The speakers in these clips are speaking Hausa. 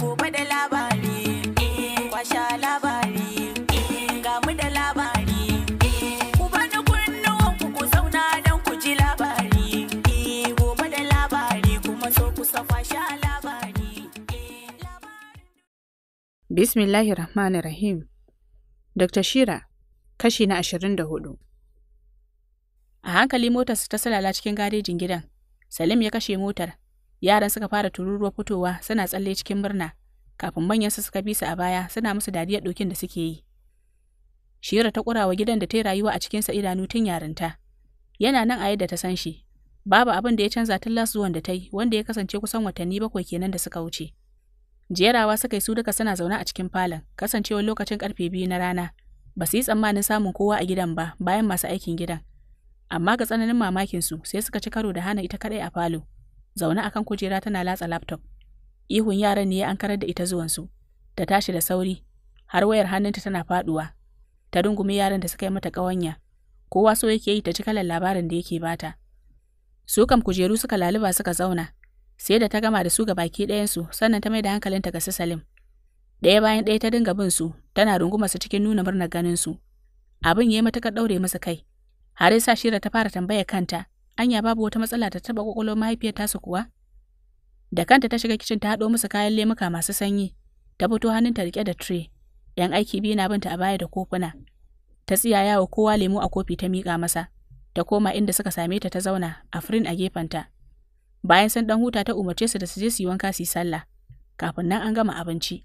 gobe da labari eh, kwasha labari eh, ga mu da labari eh, ku bani kunnuwan ku ku zauna don ku ji labari gobe da labari kuma so ku kwasha labari bismillahir rahmanir rahim dr shira kashi na ashirin da hudu. a hankali motarsa ta salala cikin garejin gidan salim ya kashe motar Yaran suka fara tururuwa fitowa suna tsalle cikin murna, kafin manyan su suka bi su a baya suna musu dariya dokin da suke yi. Shira ta kurawa gidan da ta yi rayuwa a sa idanu tun yarinta. Yana nan a yadda ta san shi. Babu abin da ya canza tun lasu zuwan da ta yi wanda ya kasance kusan watanni bakwai kenan da suka wuce. Jerawa suka yi su duka suna zaune a cikin falon, kasancewar lokacin karfe biyu na rana. Ba su yi tsammanin samun kowa a gidan ba bayan masu aikin gidan. Amma ga tsananin mamakinsu sai suka ci karo da hana ita kaɗai a falo. zaune akan kujera tana latsa laptop. Ihun yaran ne ya ankarar da ita zuwansu, ta tashi da sauri, har wayar hannunta tana faduwa. Ta rungumi yaran da suka yi mata ƙawanya, kowa so yake yi ta ci kalan labarin da yake bata. Su kam kujeru suka laluba suka zauna, sai da ta gama da su ga baki ɗayansu sannan ta mai da hankalinta ga su Salim. Ɗaya bayan ɗaya ta dinga bin su, tana runguma su cikin nuna murnar ganin su. Abin ya yi matuƙar ɗaure masa kai, har sa Shira ta fara tambaya kanta, Anya babu wata matsala ta taba ƙwaƙwalwar mahaifiyar su kuwa? Da kanta ta shiga kicin ta haɗo musu kayan lemuka masu sanyi, ta fito hannun ta rike da tire, ‘yan aiki biyu na binta a baya da kofuna. Ta tsiyaya wa kowa lemu a kofi ta miƙa masa, ta koma inda suka same ta ta zauna a firin a gefen ta. Bayan sun ɗan huta ta umarce su da su je su yi wanka su yi sallah, kafin nan an gama abinci.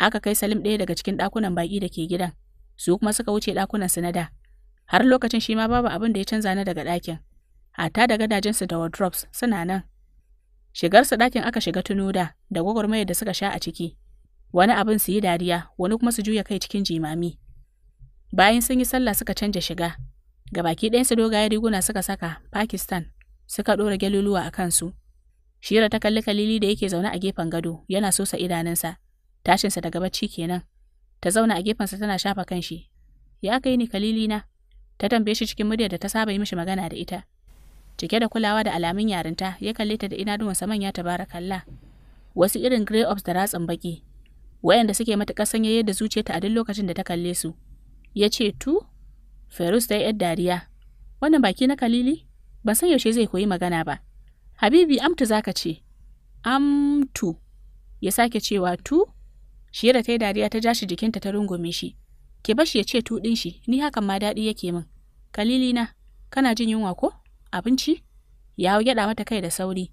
Aka kai Salim ɗaya daga cikin ɗakunan baƙi da ke gidan, su kuma suka wuce ɗakunan su na da. Har lokacin shi ma babu abin da ya canza na daga ɗakin. hatta da gadajensu da wardrobes suna nan. Shigarsu ɗakin aka shiga tuno da da gwagwarmayar da suka sha a ciki, wani abin su yi dariya, wani kuma su juya kai cikin jimami. Bayan sun yi sallah suka canja shiga, Ga gabaki ɗayansu dogaye riguna suka saka Pakistan suka ɗora gyaluluwa a kansu. Shira ta kalli kalili da yake zaune a gefen gado yana sosa idanunsa, tashinsa daga bacci kenan. Ta zauna a gefen sa tana shafa kanshi. Ya kai ni kalili na? Ta tambaye shi cikin muryar da ta saba yi mishi magana da ita. cike da kulawa da alamun yarinta ya kalle ta da idanuwansa manya kalla? wasu irin grey ops da ratsin baki wayanda suke matuƙar sanyaye da zuciyarta a duk lokacin da ta kalle su ya ce tu Ferus ta yi yar dariya wannan baki na kalili ba san yaushe zai koyi magana ba habibi amtu zaka ce amtu ya sake cewa tu da ta yi dariya ta ja shi jikinta ta rungume shi ke bashi ya ce tu ɗin shi ni hakan ma daɗi yake min kalili na kana jin yunwa ko Abinci? Ya hau gyaɗa mata kai da sauri.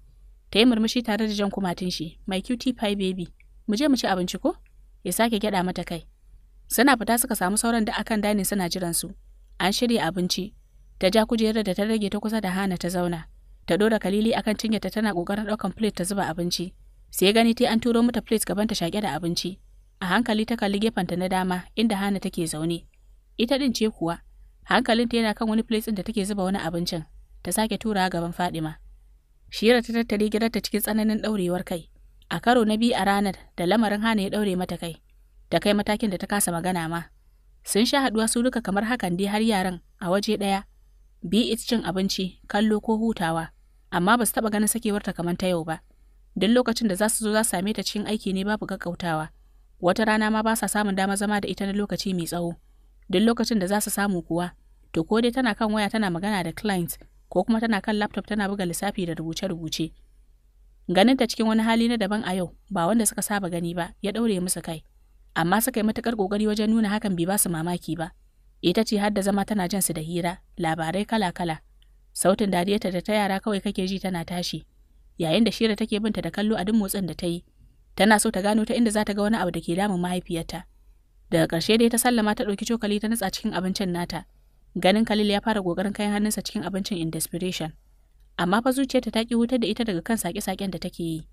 Ta yi murmushi tare da jan kumatin shi. Mai cutie pie baby. Mu je mu ci abinci ko? Ya sake gyaɗa mata kai. Suna fita suka samu sauran da akan dani suna jiran su. An shirya abinci. Ta ja kujerar da ta rage ta kusa da hana ta zauna. Ta dora kalili akan ta tana kokarin ɗaukan plate ta zuba abinci. Sai gani ta an turo mata plate gaban ta shaƙe da abinci. A hankali ta kalli gefenta na dama inda hana take zaune. Ita din ce kuwa. Hankalinta yana kan wani plate ɗin da take zuba wani abincin. ta sake tura gaban Fadima. Shira ta tattare gidanta cikin tsananin ɗaurewar kai. A karo na biyu a ranar da lamarin hana ya daure mata kai, Ta kai matakin da ta kasa magana ma. Sun sha haɗuwa su duka kamar hakan dai har yaran a waje ɗaya, bi it cin abinci, kallo ko hutawa, amma ba su taɓa ganin sakewarta kamar ta yau ba. Duk lokacin da za su zo za su same ta cikin aiki ne babu gaggautawa. Wata rana ma ba sa samun dama zama da ita na lokaci mai tsawo. Duk lokacin da za su samu kuwa, to ko dai tana kan waya tana magana da client ko kuma tana kan laptop tana buga lissafi da rubuce-rubuce. Ganin ta cikin wani hali na daban a yau ba wanda suka saba gani ba ya ɗaure musu kai, amma suka yi matuƙar ƙoƙari wajen nuna hakan bai ba su mamaki ba. Ita ce har da zama tana jan su da hira, labarai kala-kala, sautin dariyarta da ta yara kawai kake ji tana tashi, yayin da shira take binta da kallo a duk motsin da ta yi. Tana so ta gano ta inda za ta ga wani abu da ke damun mahaifiyarta. Daga ƙarshe dai ta sallama ta ɗauki cokali ta nutsa cikin abincin nata. Ganin Khalil ya fara ƙoƙarin kai hannunsa cikin abincin in desperation. Amma fa zuciyarta ta ki hutar da ita daga kan sake-saken da take yi.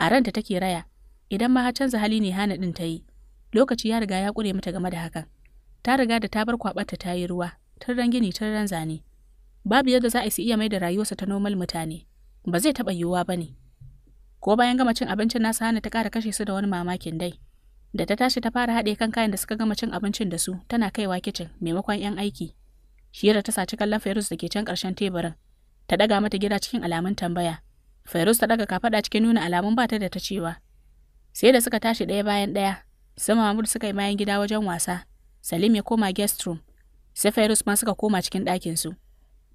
A ranta take raya, idan ma har canza hali ne hana ɗin ta yi. Lokaci ya riga ya ƙure mata game da hakan. Ta riga da ta bar kwaɓarta ta yi ruwa, tun ran gini tun ran zane. Babu yadda za a su iya mai da rayuwarsa ta normal mutane. Ba zai taɓa yiwuwa ba ne. Ko bayan gama cin abincin nasa hana ta ƙara kashe su da wani mamakin dai. da ta tashi ta fara haɗe kan kayan da suka gama cin abincin da su tana kaiwa kicin maimakon 'yan aiki Shira ta saci kallon Fairuz da ke can ƙarshen teburin. Ta ɗaga mata gida cikin alamun tambaya. Fairuz ta daga kafada cikin nuna alamun ba ta da ta cewa. Sai da suka tashi ɗaya bayan ɗaya, sama Mahmud suka yi bayan gida wajen wasa, Salim ya koma guest room, sai Fairuz ma suka koma cikin ɗakinsu.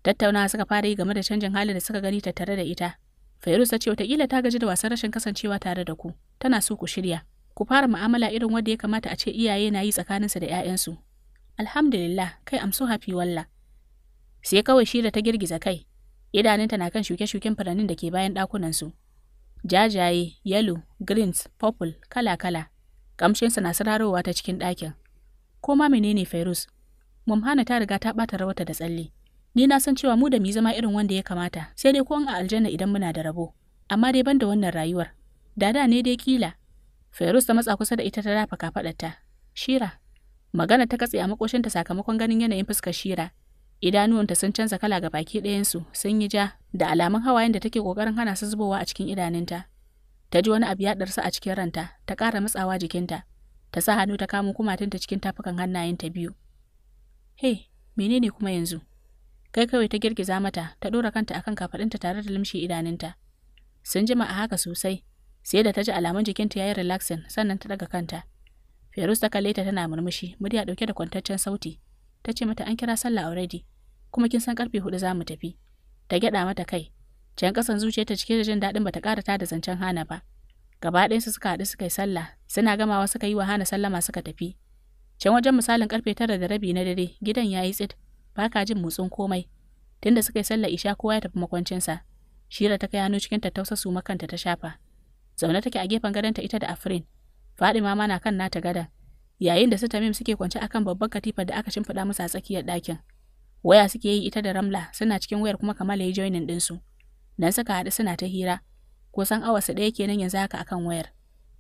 Tattaunawa suka fara yi game da canjin halin da suka gani tattare da ita. Fairuz ta ce wataƙila ta gaji da wasan rashin kasancewa tare da ku, tana so ku shirya. Ku fara mu'amala irin wanda ya kamata a ce iyaye na yi tsakaninsu da 'ya'yansu, Alhamdulillah, kai amsu hafi walla. Sai kawai Shira ta girgiza kai, idanunta na kan shuke-shuken furannin da ke bayan ɗakunansu. Jajaye, yellow, greens, purple, kala-kala, ƙamshinsa na sararowa ta cikin ɗakin. Ko ma menene fairus Mumhana ta riga ta ɓata rawata da tsalle. Ni na san cewa mu da mu zama irin wanda ya kamata, sai dai ko a aljanna idan muna da rabo. Amma dai ban da wannan rayuwar. Dada ne dai kila. ferus ta matsa kusa da ita ta dafa kafaɗarta. Shira, Magana ta katse a makoshinta sakamakon ganin yanayin fuskar Shira. Idanuwanta sun canza kala ga baki ɗayansu, sun yi ja, da alamun hawayen da take ƙoƙarin hana su zubowa a cikin idanunta. Ta ji wani abu ya ɗarsa a cikin ranta, ta ƙara matsawa jikinta. Ta sa hannu ta kamo kumatunta cikin tafukan hannayenta biyu. he menene kuma yanzu? Kai kawai ta girgiza mata, ta ɗora kanta akan kafaɗinta tare da limshi idanunta. Sun jima a haka sosai, sai da ta ji alamun jikinta ya yi relaxing sannan ta daga kanta. Ferus ta kalle ta tana murmushi, murya dauke da kwantaccen sauti. Ta ce mata an kira sallah already, kuma kin san karfe hudu za mu tafi. Ta gyada mata kai. Can kasan zuciyarta cike da jin daɗin bata ƙara ta da zancen hana ba. Gaba ɗayansu suka haɗu suka yi sallah, suna gamawa suka yi wa hana sallama suka tafi. Can wajen misalin karfe tara da rabi na dare, gidan ya yi tsit, ba ka jin motsin komai. Tunda suka yi sallah isha kowa ya tafi makwancinsa. Shira ta kai hannu cikin tattausa su makanta ta shafa. Zaune take a gefen gadonta ita da Afrin, Fadima ma na kan nata gadan. Yayin da su Tamim suke kwance akan babban katifa da aka shimfiɗa musu a tsakiyar ɗakin. Waya suke yi ita da Ramla suna cikin wayar kuma Kamal ya yi joinin ɗinsu. Dan suka haɗu suna ta hira. Kusan awarsa ɗaya kenan yanzu haka akan wayar.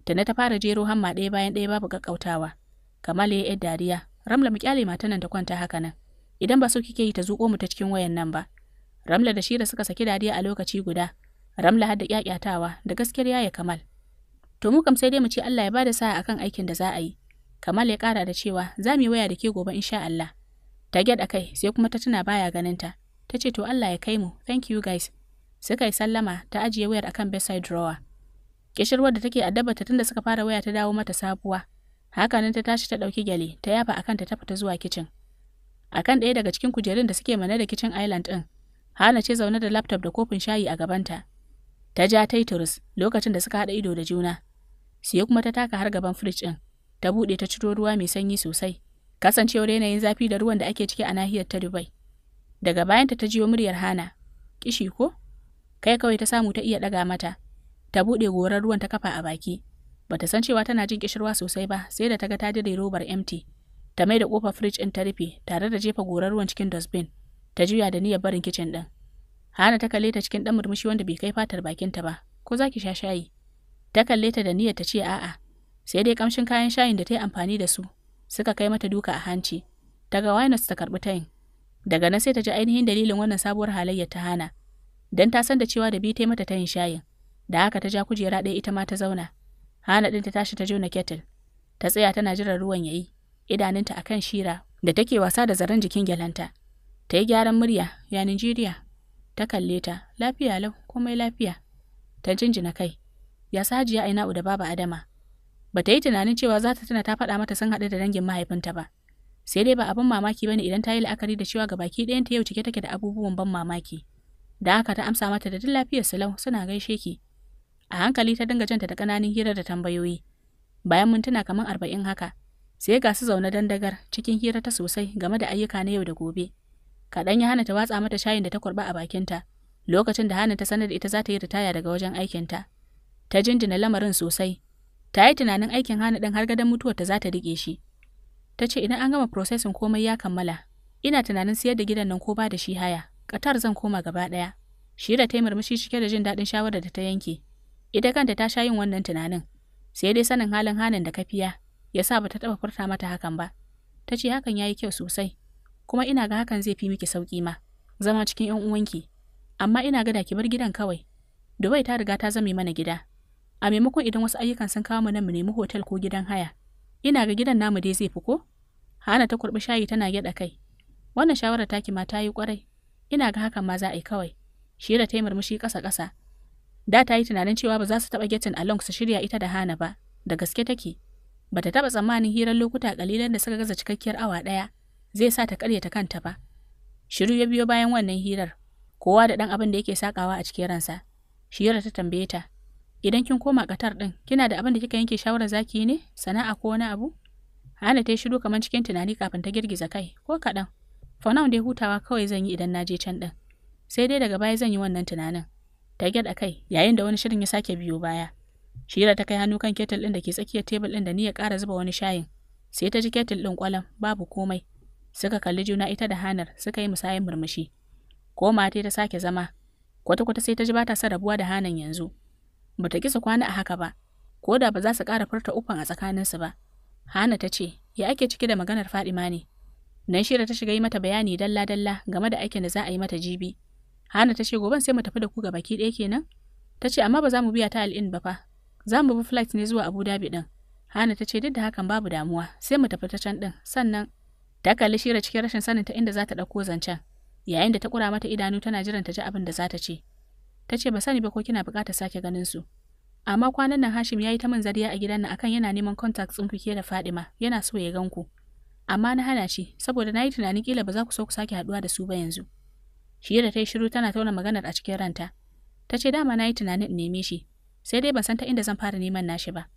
Tana ta fara jero hamma ɗaya bayan ɗaya babu kakkautawa. Kamal ya yi dariya. Ramla mu kyale mata nan ta kwanta haka nan. Idan ba so kike yi ta zuƙo mu ta cikin wayan nan ba. Ramla da Shira suka saki dariya a lokaci guda. Ramla har da ƙyaƙyatawa da gaskiyar yaya Kamal. To mu kam sai dai mu ce Allah ya bada sa'a akan aikin da za a yi. Kamal ya kara da cewa za mu yi waya da ke gobe insha Allah. Ta gyada kai sai kuma ta tuna baya ganinta. Ta ce to Allah ya kai mu, thank you guys. Suka yi sallama ta ajiye wayar akan bedside drawer. Kishirwar da take addaba ta tunda suka fara waya ta dawo mata sabuwa. Hakanan ta tashi ta ɗauki gyale ta yafa akan ta fita zuwa kicin. Akan ɗaya daga cikin kujerun da suke mana da kicin island din. Hana ce zaune da laptop da kofin shayi a gabanta. Ta ja ta yi turus lokacin da suka haɗa ido da juna. Siya kuma ta taka har gaban firij ɗin, ta buɗe ta ciro ruwa mai sanyi sosai, kasancewar yanayin zafi da ruwan da ake ciki a nahiyar ta Dubai. Daga bayanta ta jiyo muryar Hana, kishi ko? Kai kawai ta samu ta iya ɗaga mata, ta buɗe gorar ruwan ta kafa a baki. Bata san cewa tana jin kishirwa sosai ba sai da ta ga ta dire robar empty. Ta mai da kofar firij ɗin ta rufe tare da jefa gorar ruwan cikin dustbin. Ta juya da niyyar barin kicin ɗin. Hana ta kalle ta cikin ɗan murmushi wanda bai kai fatar bakinta ba. Ko zaki sha shayi? ta kalle ta da niyyar ta ce a'a sai dai kamshin kayan shayin da ta yi amfani da su suka kai mata duka a hanci ta ga Winus ta karbi tayin daga nan sai ta ji ainihin dalilin wannan sabuwar halayyar ta hana dan ta san da cewa da bi ta yi mata tayin shayin da haka ta ja kujera ɗaya ita ma ta zauna hana ɗin ta tashi ta jona kettle ta tsaya tana jiran ruwan yayi idanunta akan shira da take wasa da zaren jikin gyalanta ta yi gyaran murya ya Nijeriya ta kalle ta lafiya lau komai lafiya ta jinjina kai ya sa hajiya aina da baba adama ba ta yi tunanin cewa za ta tana ta faɗa mata san haɗu da dangin mahaifinta ba sai dai ba abin mamaki ba ne idan ta yi la'akari da cewa gabaki ɗayan ta yau cike take da abubuwan ban mamaki da haka ta amsa mata da duk lafiyar salau suna gaishe ki a hankali ta dinga janta da ƙananan hira da tambayoyi bayan mintuna kamar arba'in haka sai ga su zaune dandagar cikin hira ta sosai game da ayyuka na yau da gobe kaɗan ya hana ta watsa mata shayin da ta kurɓa a bakinta lokacin da hana ta sanar da ita za ta yi ritaya daga wajen aikinta ta jinjina lamarin sosai ta yi tunanin aikin hana ɗin har gadon mutuwar ta za ta riƙe shi ta ce idan an gama processing komai ya kammala ina tunanin siyar da gidan nan ko ba da shi haya Ƙatar zan koma gaba ɗaya Shira ta yi murmushi cike da jin daɗin shawarar da ta yanke ita kanta ta sha yin wannan tunanin sai dai sanin halin hanin da kafiya ya sa ba ta taɓa furta mata hakan ba ta ce hakan ya yi kyau sosai kuma ina ga hakan zai fi miki sauƙi ma zama cikin 'yan uwanki amma ina ga ki bar gidan kawai Dubai ta riga ta zame mana gida a maimakon idan wasu ayyukan sun kawo mu nan mu nemi hotel ko gidan haya ina ga gidan namu dai zai fi ko hana ta kurbi shayi tana gyada kai wannan shawarar ta ki mata yi kwarai ina ga hakan ma za a yi kawai shi da ta yi murmushi kasa ƙasa da ta yi tunanin cewa ba za su taɓa getting along su shirya ita da hana ba da gaske take bata taɓa tsammanin hirar lokuta kalilan da suka gaza cikakkiyar awa ɗaya zai sa ta ta kanta ba shiru ya biyo bayan wannan hirar kowa da ɗan abin da yake sakawa a cikin ransa shira ta tambaye ta Idan kin koma katar ɗin, kina da abin da kika yanke shawarar zaki yi ne? Sana'a ko wani abu? Hana ta yi shiru kamar cikin tunani kafin ta girgiza kai, ko kaɗan. For now dai hutawa kawai zan yi idan na je can ɗin. Sai dai daga baya zan yi wannan tunanin. Ta gyaɗa kai yayin da wani shirin ya sake biyo baya. Shira ta kai hannu kan ketil ɗin da ke tsakiyar tebul ɗin da ni ya ƙara zuba wani shayin. Sai ta ji ketil ɗin kwalam babu komai. Suka kalli juna ita da Hanar suka yi musayin murmushi. Koma ta sake zama. Kwata-kwata sai ta ji ba ta rabuwa da Hanan yanzu. ba ta kisa kwana a haka ba ko da ba za su ƙara furta ufan a tsakaninsu ba hana ta ce ya ake ciki da maganar fadima ne nan shira ta shiga yi mata bayani dalla dalla game da aikin da za a yi mata jibi hana ta ce gobe sai mu tafi da ku ga baki ɗaya kenan ta ce amma ba za mu biya ta al'in ba fa za mu bi flight ne zuwa abu dhabi ɗin hana ta ce duk da hakan babu damuwa sai mu tafi ta can ɗin sannan ta kalli shira cikin rashin sanin ta inda za ta ɗauko zancen yayin da ta kura mata idanu tana jiran ta ji abin da za ta ce ta ce ba sani ba ko kina buƙatar sake ganin su amma kwanan nan Hashim ya yi ta min zariya a gidan nan akan yana neman contacts ɗinku ke da Fadima yana so ya gan ku amma na hana shi saboda na yi tunanin kila ba za ku so ku sake haɗuwa da su ba yanzu shi da ta yi shiru tana tauna maganar a cikin ranta ta ce dama na yi tunanin in neme shi sai dai ban san ta inda zan fara neman nashi ba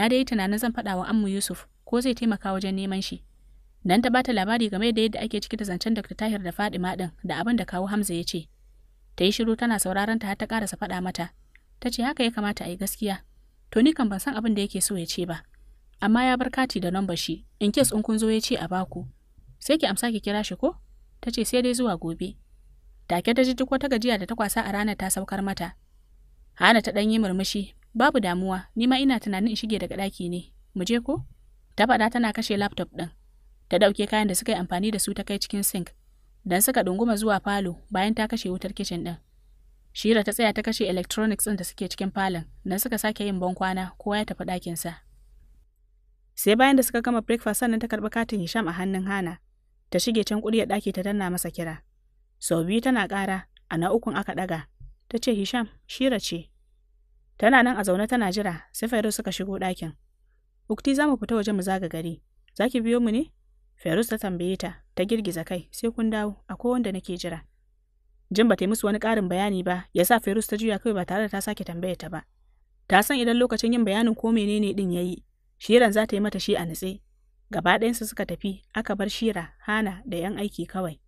na dai yi tunanin zan faɗa wa ammu Yusuf ko zai taimaka wajen neman shi nan ta bata labari game da yadda ake ciki da zancen Dr. Tahir da Fadima din da abin da kawo Hamza ya ce. ta yi shiru tana sauraron ta har ta karasa faɗa mata ta ce haka ya kamata a yi gaskiya to ni kan ban san abin da yake so ya ce ba amma ya bar kati da nambar shi in kes in kun zo ya ce a baku sai ki amsa ki kira shi ko ta ce sai dai zuwa gobe take ta ji duk wata gajiya da ta kwasa a ranar ta saukar mata hana ta ɗan yi murmushi babu damuwa ni ma ina tunanin in shige daga ɗaki ne mu je ko ta faɗa tana kashe laptop ɗin ta ɗauke kayan da suka yi amfani da su ta kai cikin sink dan suka ɗunguma zuwa falo bayan ta kashe wutar kicin ɗin. Shira ta tsaya ta kashe electronics din da suke cikin falon, na suka sake yin ban kwana kowa ya tafi sa Sai bayan da suka gama breakfast sannan ta karɓi katin Hisham a hannun Hana, ta shige can ya ɗaki ta danna masa kira. Sau biyu tana ƙara, a na ukun aka ɗaga. Ta ce Hisham, Shira ce. Tana nan a zaune tana jira, sai Fairuz suka shigo ɗakin. Ukti za mu fita waje mu zaga gari, za ki biyo mu ne? Fairuz ta tambaye ta, ta girgiza kai sai kun dawo akwai wanda nake jira jin ba ta yi musu wani ƙarin bayani ba ya sa Ferus ta juya kawai ba tare da ta sake tambaya ta ba ta san idan lokacin yin bayanin ko menene din yi, shiran za ta yi mata shi a nutse gaba ɗayansu suka tafi aka bar shira hana da yan aiki kawai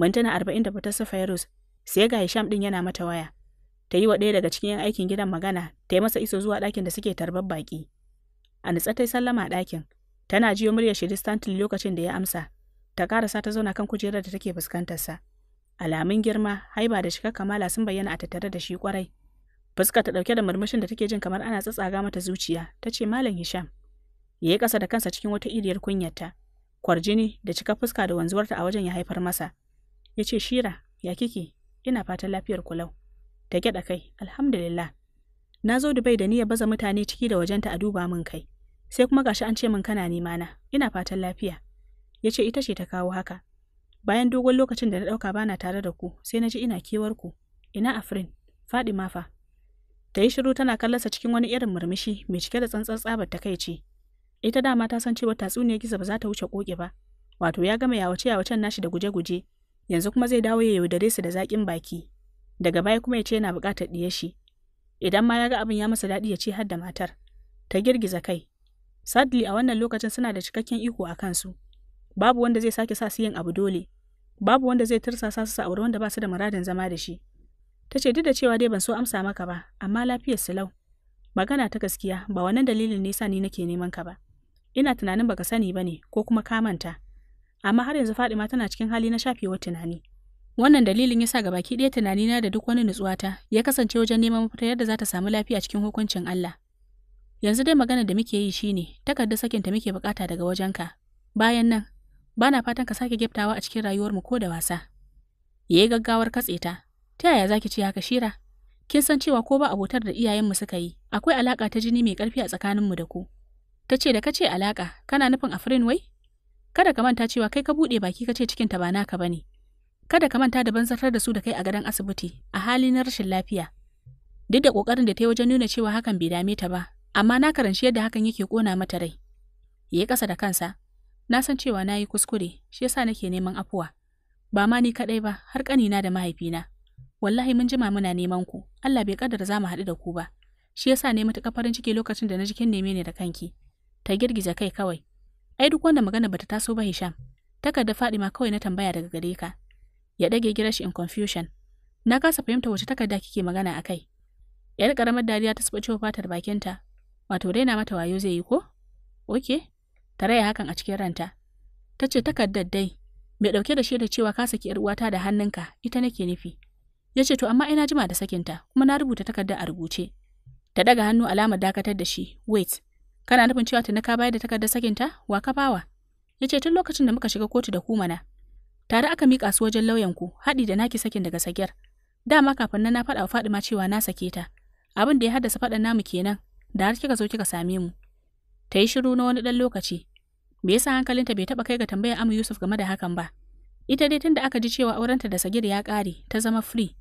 mintuna arba'in da fitar su Ferus sai ga Hisham din yana mata waya ta yi wa ɗaya daga cikin yan aikin gidan magana ta yi masa iso zuwa ɗakin da suke tarbar baƙi a nutsa ta yi sallama ɗakin tana jiyo muryar Shiristantin lokacin da ya amsa ta karasa ta zauna kan kujerar da take fuskantarsa alamun girma haiba da shiga kamala sun bayyana a tattare da shi kwarai fuska ta dauke da murmushin da take jin kamar ana tsatsaga mata zuciya ta ce malam hisham ya yi kasa da kansa cikin wata iriyar kunyarta kwarjini da cika fuska da wanzuwarta a wajen ya haifar masa ya ce shira ya kike ina fatan lafiyar kulau ta gyaɗa kai alhamdulillah na zo dubai da niyyar baza mutane ciki da wajenta a duba min kai sai kuma gashi an ce min kana nima na ina fatan lafiya ya ce ita ce ta kawo haka bayan dogon lokacin da na ɗauka bana tare da ku sai na ji ina kewar ku ina afrin faɗi mafa ta yi shiru tana kallasa cikin wani irin murmushi mai cike da tsantsar tsabar ta takaici ita dama ta san cewa tatsuniyar gizo ba za ta wuce koke ba wato ya gama yawace yawacen nashi da guje-guje yanzu kuma zai dawo ya yaudare su da zaƙin baki daga baya kuma ya ce yana buƙatar ɗiyar shi idan ma ya ga abin ya masa daɗi ya ce har da matar ta girgiza kai sadly a wannan lokacin suna da cikakken iko a kansu babu wanda zai sake sa su yin abu dole babu wanda zai tursa sa su sa aure wanda ba su da muradin zama da shi ta ce duk da cewa dai ban so amsa maka ba amma lafiyar su lau magana ta gaskiya ba wannan dalilin ne sa ni nake neman ka ba ina tunanin baka sani ba ne ko kuma ka manta amma har yanzu Fadima tana cikin hali na shafewar tunani wannan dalilin yasa ga baki ɗaya na da duk wani nutsuwa ta. ya kasance wajen neman mafita yadda za ta samu lafiya cikin hukuncin Allah yanzu dai magana da muke yi shine takardar sakinta muke bukata daga wajenka bayan nan ba na fatan ka sake gyaftawa a cikin rayuwarmu ko da wasa. Ya yi gaggawar katse ta, ta yaya za ki ce haka shira? Kin san cewa ko ba abotar da iyayenmu suka yi, akwai alaƙa ta jini mai ƙarfi a tsakaninmu da ku. Ta ce da ka ce alaƙa, kana nufin a firin wai? Kada ka manta cewa kai ka buɗe baki ka ce cikinta ba naka ba ne. Kada ka manta da ban zartar da su da kai a gadon asibiti a hali na rashin lafiya. Duk da ƙoƙarin da ta yi wajen nuna cewa hakan bai dame ta ba, amma na karanci yadda hakan yake ƙona mata rai. Ya yi ƙasa da kansa, Na san cewa na yi kuskure, shi yasa nake neman afuwa. Ba ma ni kaɗai ba, har ƙanina da mahaifina. Wallahi mun jima muna neman ku, Allah bai kaddara za mu haɗu da ku ba. Shi yasa ne matuƙar farin ciki lokacin da na jikin neme ne da kanki. Ta girgiza kai kawai. Ai duk wanda magana bata taso ba Hisham. Takarda Fadima kawai na tambaya daga gare ka. Ya dage girashi in confusion. Na kasa fahimta wace takarda kike magana akai. Yar karamar dariya ta saba cewa fatar bakinta. Wato daina mata wayo zai yi ko? Oke, okay. ta raya hakan a cikin ranta. Ta ce takardar dai, mai ɗauke da shaidar cewa ka saki uwata da hannunka, ita nake nufi. Ya ce to amma ina jima da sakinta, kuma na rubuta takardar a rubuce. Ta daga hannu alamar dakatar da shi, wait, kana nufin cewa tuni ka bayar da takardar sakinta, wa ka bawa? Ya ce tun lokacin da muka shiga kotu da ku mana. Tare aka miƙa su wajen lauyanku, haɗi da naki sakin daga sakiyar. Dama kafin nan na faɗa wa Fadima cewa na sake ta. Abin da ya haddasa faɗan namu kenan, da har kika zo kika same mu. ta yi shiru na wani ɗan lokaci me yasa hankalinta bai taɓa kai ga tambayar amu yusuf game da hakan ba ita dai tun da aka ji cewa aurenta da sagir ya ƙare ta zama free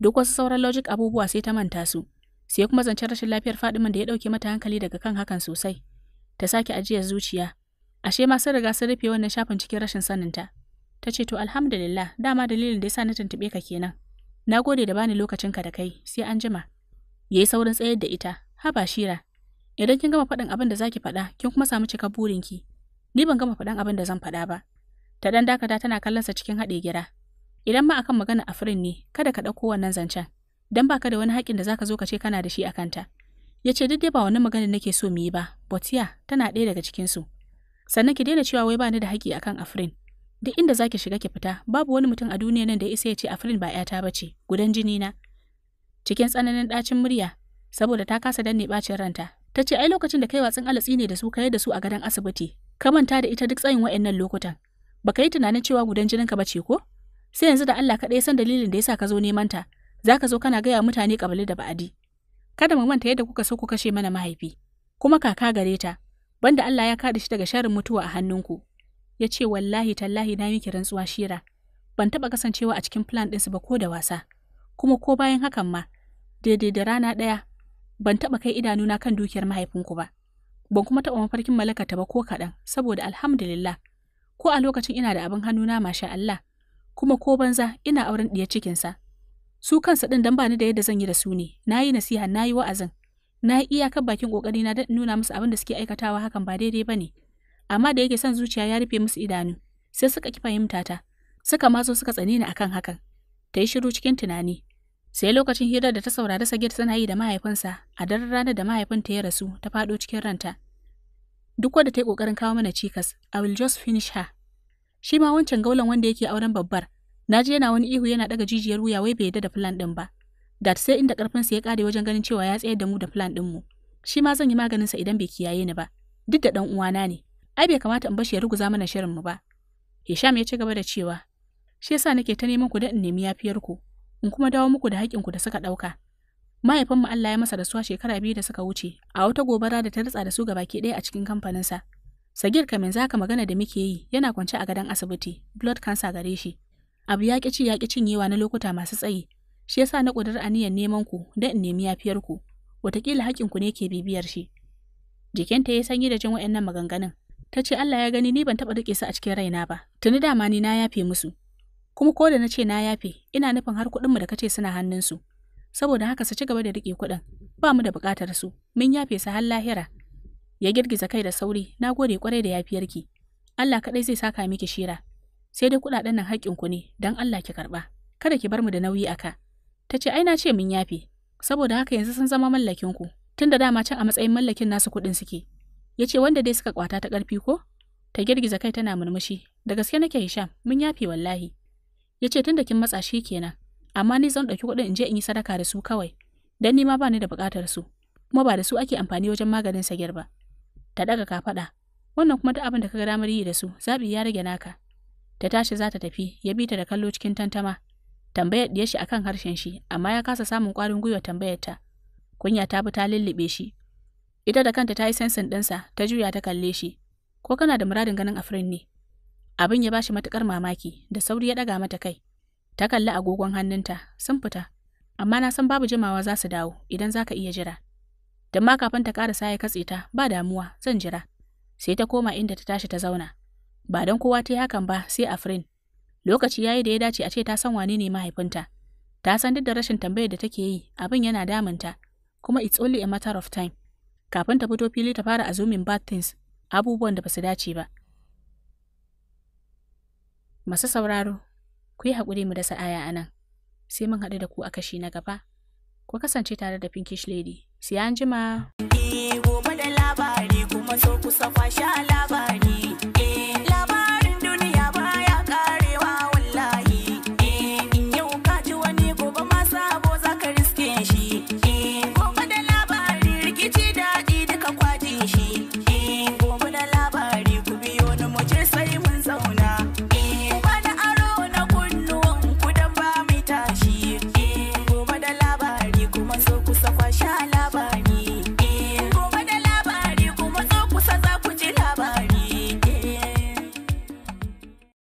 duk wasu sauran logic abubuwa sai ta manta su sai kuma zancen rashin lafiyar fadiman da ya ɗauke mata hankali daga kan hakan sosai ta sake ajiyar zuciya ashe ma sun riga sun rufe wannan shafin cikin rashin saninta ta ce to alhamdulillah dama dalilin da ya sa na tuntuɓe ka kenan na gode da bani lokacinka da kai sai an jima ya yi saurin tsayar da ita haba shira Idan kin gama faɗin abin da za ki faɗa, kin kuma samu cika burinki. Ni ban gama faɗin abin da zan faɗa ba. Ta ɗan dakata tana kallon sa cikin haɗe gira. Idan ma akan magana a firin ne, kada ka ɗauko wannan zancen. Dan baka da wani haƙin da zaka zo ka ce kana da shi a kanta. Ya ce duk dai ba wannan maganar nake so mu yi ba, botia tana ɗaya daga cikinsu. Sannan ki daina cewa wai ba ni da haƙi akan afirin. Duk inda zaki shiga ki fita, babu wani mutum a duniya nan da ya isa ya ce afirin ba 'yata ba ce, gudan jini na. Cikin tsananin ɗacin murya, saboda ta kasa danne bacin ranta, ta ce ai lokacin da kai watsin alatsi ne da su ka da su a gadon asibiti ka manta da ita duk tsayin wa'annan lokutan baka yi tunanin cewa gudan jinin ka bace ko sai yanzu da Allah kaɗai san dalilin da yasa ka zo neman ta zaka zo kana gaya mutane kabali da ba'adi kada mu manta yadda kuka so ku kashe mana mahaifi kuma kaka gare ta banda Allah ya kada shi daga sharin mutuwa a hannunku ya ce wallahi tallahi na miki rantsuwa shira ban taba kasancewa a cikin plan ɗinsu ba ko da wasa kuma ko bayan hakan ma daidai da rana ɗaya ban taɓa kai idanu na kan dukiyar mahaifinku ba. Ban kuma taɓa mafarkin mallakata ba ko kaɗan, saboda alhamdulillah, ko a lokacin ina da abin hannuna masha Allah, kuma ko banza ina auren ɗiyar cikinsa. Su kansa ɗin dan bani da yadda zan yi da su ne, na yi nasiha na yi wa'azin, na yi iyakar bakin kokari na nuna musu abin da suke aikatawa hakan ba daidai ba ne. Amma da yake son zuciya ya rufe musu idanu, sai suka ki fahimta ta, suka mazo suka tsane ni akan hakan. Ta yi shiru cikin tunani, sai lokacin hirar da ta saurari sagir tana yi da mahaifinsa a daren ranar da mahaifinta ya rasu ta faɗo cikin ranta duk wanda ta yi ƙoƙarin kawo mana cikas i will just finish her shi ma wancan gaulan wanda yake auren babbar na ji yana wani ihu yana ɗaga jijiyar wuya wai bai yadda da plan ɗin ba da sai inda ƙarfinsa ya kare wajen ganin cewa ya tsayar da mu da plan ɗinmu shi ma zan yi maganinsa idan bai kiyaye ni ba duk da ɗan uwana ne ai bai kamata in bashi ya ruguza mana mu ba Hisham ya ci gaba da cewa shi yasa nake ta neman ku da in nemi yafiyar ku in kuma dawo muku da haƙƙinku da suka ɗauka. Mahaifinmu Allah ya masa da suwa shekara biyu da suka wuce a wata gobara da ta ritsa da su baki ɗaya a cikin kamfaninsa. Sagir kamin zaka magana da muke yi yana kwance a gadon asibiti, blood cancer gare shi. Abu ya ƙi ci ya ƙi cinyewa na lokuta masu tsayi, shi yasa na ƙudurar aniyar neman ku don in nemi yafiyar ku, wataƙila haƙƙinku ne ke bibiyar shi. Jikinta ya sanyi da jin wa'annan maganganun, ta ce Allah ya gani ni ban taɓa riƙe su a cikin raina ba, tuni dama ni na yafe musu. Kuma ko da na ce na yafe, ina nufin har kuɗinmu da kace suna hannunsu. Saboda haka su ci gaba da riƙe kuɗin, ba mu da buƙatar su, mun yafe su har lahira. Ya girgiza kai da sauri, na gode kwarai da yafiyarki. Allah kaɗai zai saka miki shira. Sai dai kuɗaɗen nan haƙƙinku ne, don Allah ki karɓa. Kada ki bar mu da nauyi aka. Ta ce ai na ce mun yafe, saboda haka yanzu sun zama mallakinku, tunda dama can a matsayin mallakin nasu kuɗin suke. Ya ce wanda dai suka kwata ta ƙarfi ko? Ta girgiza kai tana murmushi, da gaske nake Hisham, mun yafe wallahi. ya ce tun da kin matsa shi kenan amma ni zan ɗauki kuɗin in je in yi sadaka da su kawai dan ni ma ba ni da buƙatar su kuma ba da su ake amfani wajen maganin sagir ba ta ɗaga kafaɗa wannan kuma ta abin da kaga damar yi da su zabi ya rage naka ta tashi za ta tafi ya bi ta da kallo cikin tantama tambayar ɗiyar shi akan harshen shi amma ya kasa samun ƙwarin gwiwa tambayar ta kunya ta bi ta lulluɓe shi ita da kanta ta yi sensin ɗinsa ta juya ta kalle shi ko kana da muradin ganin afirin ne Abin ya bashi matukar mamaki da sauri ya ɗaga mata kai. Ta kalli agogon hannunta sun fita, amma na san babu jimawa za su dawo idan za ka iya jira. Don ma kafin ta ƙarasa ya katse ta ba damuwa zan jira. Sai ta koma inda ta tashi ta zauna. Ba don kowa ta yi hakan ba sai a Afrin. Lokaci ya yi da ya dace a ce ta san wane ne mahaifinta. Ta san duk da rashin tambayar da take yi abin yana damunta kuma it's only a matter of time. Kafin ta fito fili ta fara azumin bad things abubuwan da ba su dace ba. Masu sauraro, ku yi haƙuri mu dasa aya a nan, sai mun haɗu da ku a kashi na gaba. Ku kasance tare da Pinkish Lady, sai an jima. Ni gobe labari kuma so kusa kwashe labari.